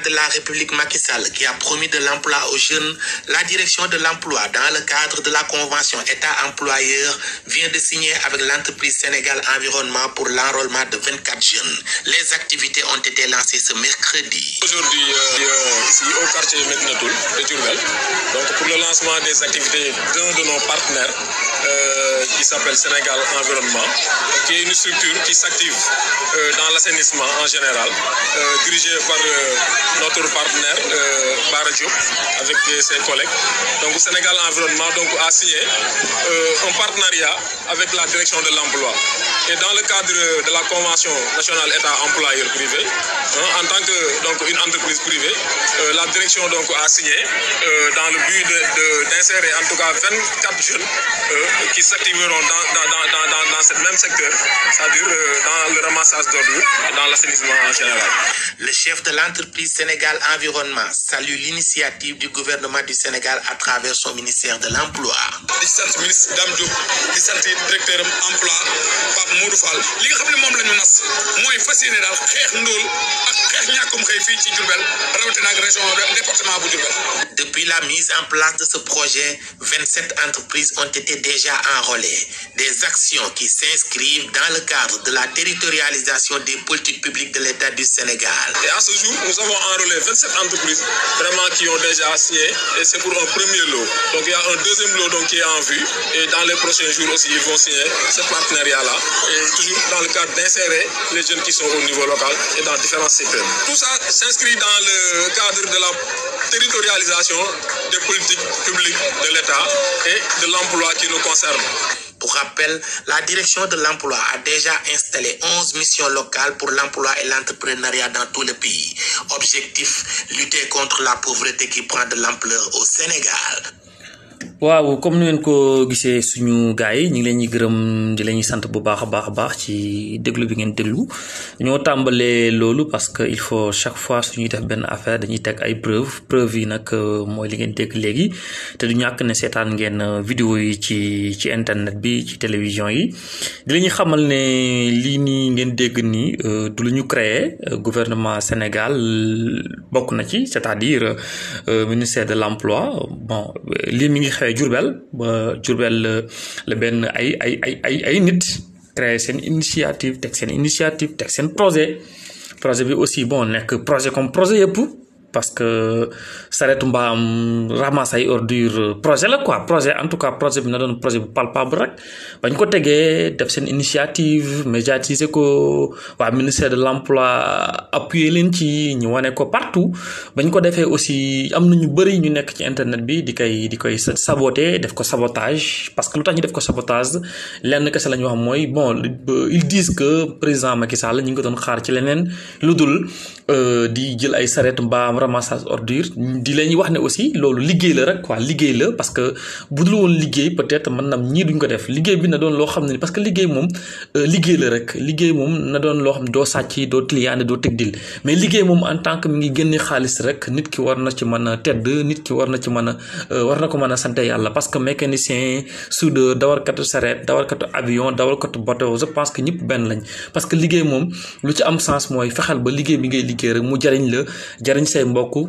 de la République Macky Sall qui a promis de l'emploi aux jeunes, la direction de l'emploi dans le cadre de la convention État-employeur vient de signer avec l'entreprise Sénégal Environnement pour l'enrôlement de 24 jeunes. Les activités ont été lancées ce mercredi. Aujourd'hui, euh, ici au quartier Métinatoul, de donc pour le lancement des activités d'un de nos partenaires euh, qui s'appelle Sénégal Environnement, qui est une structure qui s'active euh, dans l'assainissement en général, dirigée par notre partenaire euh, avec euh, ses collègues. Donc Sénégal Environnement donc, a signé euh, un partenariat avec la direction de l'emploi. Et dans le cadre de la Convention nationale État employeur privé, hein, en tant que donc, une entreprise privée, euh, la direction donc, a signé dans le but d'insérer de, en tout cas 24 jeunes qui s'activeront dans, ce même secteur, c'est-à-dire dans le ramassage d'ordures dans l'assainissement en général. Le chef de l'entreprise Sénégal Environnement salue l'initiative du gouvernement du Sénégal à travers son ministère de l'Emploi. Depuis la mise en place de ce projet, 27 entreprises ont été déjà enrôlées. Des actions qui s'inscrivent dans le cadre de la territorialisation des politiques publiques de l'État du Sénégal. Et ce jour, nous avons a 27 entreprises vraiment qui ont déjà signé et c'est pour un premier lot. Donc il y a un deuxième lot qui est en vue et dans les prochains jours aussi ils vont signer ce partenariat-là et toujours dans le cadre d'insérer les jeunes qui sont au niveau local et dans différents secteurs. Tout ça s'inscrit dans le cadre de la territorialisation des politiques publiques de l'État et de l'emploi qui nous concerne. Pour rappel, la direction de l'emploi a déjà installé 11 missions locales pour l'emploi et l'entrepreneuriat dans tout le pays. Objectif, lutter contre la pauvreté qui prend de l'ampleur au Sénégal waaw comme ni ngeen ko gisee suñu gaay yi ñu ngi leen di gërëm di leen sant bu baax a baax a baax ci déglu bi ngeen déglu ñoo tàmbalee loolu parce que il faut chaque fois suñuy def benn affaire dañuy teg ay preuve preuve yi nag euh, mooy li ngeen dégg léegi te du ñàkk ne seetaan ngeen euh, vidéo yi ci ci internet bi ci télévision yi di lañuy xamal ne lii nii ngeen dégg ni euh, du lu ñu créé gouvernement Sénégal bokk na ci c'est-à-dire ministère de l'emploi bon lii mi ngi créé eh, Jurbel ba Jurbel eh, la benn ay ay ay ay ay nit créé seen initiative teg seen initiative teg seen projet projet bi aussi bon nekk projet comme projet yëpp parce que sareetu mbaam ramasse ay ordure projet la quoi projet en tout cas projet bi na doon projet bu palpable rek bañ ko tegee def seen initiative médiatiser ko waa ministère de l'emploi appuyé leen ci ñu wane ko partout bañ ko defee aussi am na ñu bëri ñu nekk ci internet bi di koy di koy saboter def ko sabotage parce que lu tax ñu def ko sabotage lenn kese la ñu wax mooy bon ils disent que président Macky Sall ñu ngi ko doon xaar ci leneen lu dul euh, di jël ay sareetu mbaam ramassage ordure di la ñuy wax na doon loo xam ne parce que liggéey moom euh, liggéey mais liggéey moom en tant que ngi génne xaalis rek nit ki war na ci mën a tedd nit ki war na ci mën a euh, war na ko mën a sant yàlla parce que mécanicien soudeur dawalkatu sareet dawalkatu avion dawalkatu bateau je pense que ñëpp benn lañ parce que liggéey moom lu ci am sens mooy fexal ba liggéey bi ngay liggéey rek mu jariñ la jariñ say mbokk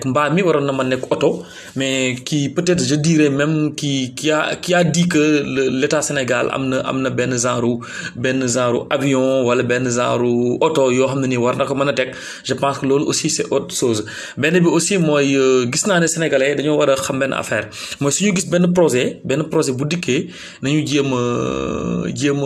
nekk mbaa mi na ma nek auto mais qui peut-être je dirais même qui qui a qui a dit que l'État Sénégal amna amna ben genre ben genre avion wala ben genre auto yo xam ni war na meuna tek je pense que lolu aussi c'est autre chose ben bi aussi moy euh, gis naa ne sénégalais dañoo wara xam benn affaire moy suñu ñu gis benn projet benn projet bu dikkee nañu jéem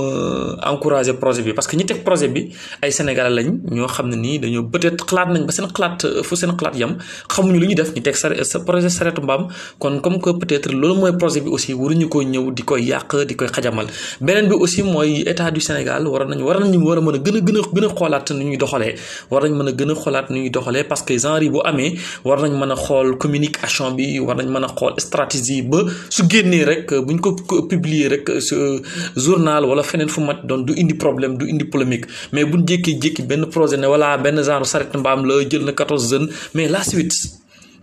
a encourager projet bi parce que ñi tek projet bi ay sénégalais lañ ñoo xam ni nii peut-être xalat nañ ba seen xalat fu seen xalat yam xam xamuñu lu ñu def ñu teg sa projet saretu mbaam kon comme que peut loolu mooy projet bi aussi waruñu ko ñëw di koy yàq di koy xajamal beneen bi aussi mooy état du Sénégal war nañu war nañu war a mën a gën a gën a gën a xoolaat nu ñuy doxalee war nañ mën gën a xoolaat nu ñuy doxalee parce que genre yi bu amee war nañ mën a xool communication bi war nañ mën a xool stratégie ba su génnee rek bu ñu ko publier rek su journal wala feneen fu mat doon du indi problème du indi polémique mais bu jékki-jékki benn projet ne wala benn genre saret mbaam la jël na quatorze jeunes mais la suite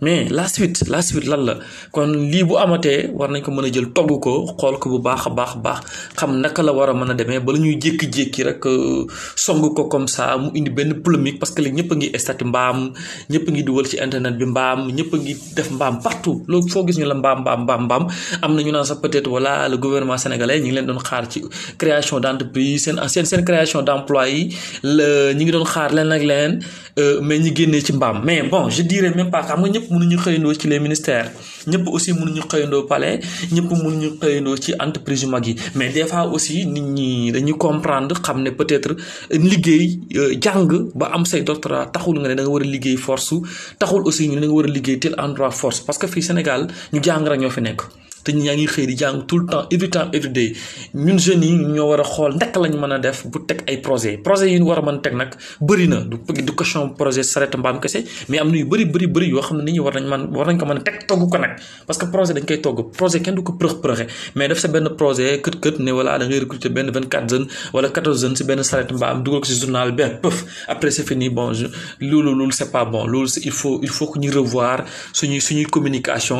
mais la suite la suite lan la kon lii bu amatee war nañ ko mën a jël togg ko xool ko bu baax a baax baax xam naka la war a mën a demee ba la ñuy jékki-jékki rek euh, song ko comme ça mu indi benn polémique parce que léegi ñëpp a ngi estati mbaam ñëpp a ngi dugal ci internet bi mbaam ñëpp a ngi def mbaam partout loolu foo gis ñu la mbaam mbaam mbaam mbaam am na ñu naan sax peut-être voilà le gouvernement sénégalais ñu ngi leen doon xaar ci création d'entreprise seen seen seen création d'emploi yi la ñu ngi doon xaar leen ak leen euh, mais ñu génnee ci mbaam mais bon je dirais même pas xam nga ñëpp ñu xëyandoo ci les ministères ñëpp aussi mënuñu xëyandoo palais ñëpp ñu xëyandoo ci entreprise yu mag yi mais des fois aussi nit ñi dañuy comprendre xam ne peut-être euh, liggéey euh, jàng ba am say doctorat taxul nga ne da war a liggéey force taxul aussi ñu ne da war a liggéey tel endroit force parce que fii Sénégal ñu jàng ñoo fi nekk. te ñi yaa ngi xëy di jàng tout le temps every time every day ñun jeunes yi ñoo war a xool ndekk lañ mën a def bu teg ay projet projet yi ñu war a mën teg nag bëri na du du question projet saret mbaam kese mais am na yu bëri bëri bëri yoo xam ne nit ñi war nañ mën war nañ ko mën a teg togg ko nag parce que projet dañ koy togg projet kenn du ko përëx përëxe mais def sa benn projet kët kët ne voilà da ngay recruter benn vingt quatre jeunes wala quatorze jeunes si benn saret mbaam dugal ko si journal benn pëf après c'est fini bon loolu loolu c'est pas bon loolu il faut il faut que ñu revoir suñuy suñuy communication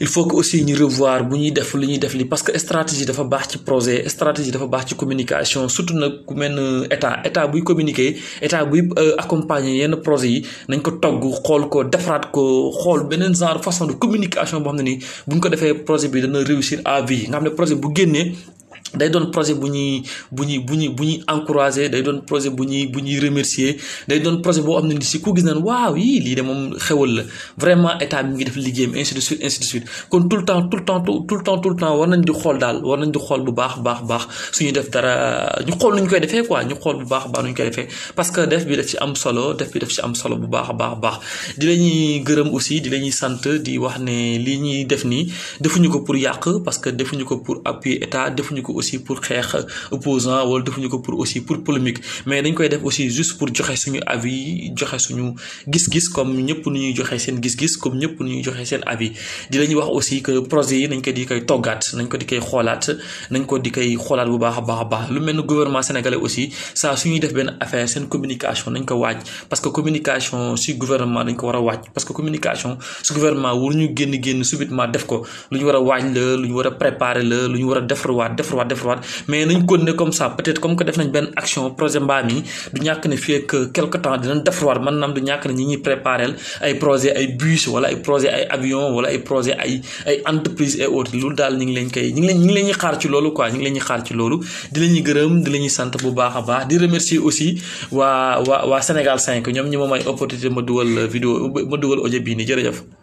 il faut que aussi ñu revoir waar bu ñuy def li ñuy def li parce que stratégie dafa baax ci projet stratégie dafa baax ci communication surtout nag ku mel ne état état buy communiquer état buy euh, accompagner yenn projet yi nañ ko togg xool ko defaraat ko xool beneen genre façon de communication boo xam ne nii bu ñu ko defee projet bi dana réussir à vie nga xam ne projet bu génnee. day doon projet bu ñuy bu ñuy bu ñuy bu ñuy encouragé day doon projet bu ñuy bu ñuy remercier day doon projet boo xam ne ni si ku gis naan waaw yii lii de moom xewal la vraiment état mi ngi def liggéeyam ainsi de suite ainsi de suite kon tout le temps tout le temps tout le temps tout le temps war nañ di xool daal war nañ di xool bu baax baax baax suñu def dara ñu xool nu ñu koy defee quoi ñu xool bu baax baax nu ñu koy defee parce que def bi daf ci am solo def bi daf ci am solo bu baax baax baax di la ñuy gërëm aussi di la ñuy sant di wax ne lii ñuy def nii defuñu ko pour yàq parce que defuñu ko pour appuyer état defuñu ko ko aussi pour xeex opposant wala defuñu ko pour aussi pour polémique mais dañ koy def aussi juste pour joxe suñu avis joxe suñu gis-gis comme ñëpp nu ñuy joxe seen gis-gis comme ñëpp nu ñuy joxe seen avis di lañuy wax aussi que projet yi nañ ko di koy toggaat nañ ko di koy xoolaat nañ ko di koy xoolaat bu baax a baax a baax lu mel ni gouvernement sénégalais aussi saa suñuy def benn affaire seen communication nañ ko waaj parce que communication si gouvernement dañ ko war a waaj parce que communication su gouvernement wuñu génn génn subitement def ko lu ñu war a waaj la lu ñu war a préparer la lu ñu war a defarwaat defarwaat defarwaat defarwaat mais nañ continuer comme ça peut être comme que def nañ action projet ne quelque temps dinañ man du ñi bus wala ay projet ay avion wala ay projet entreprise et autres loolu daal ñu ngi leen koy ngi quoi xaar ci loolu di remercier aussi Sénégal 5 vidéo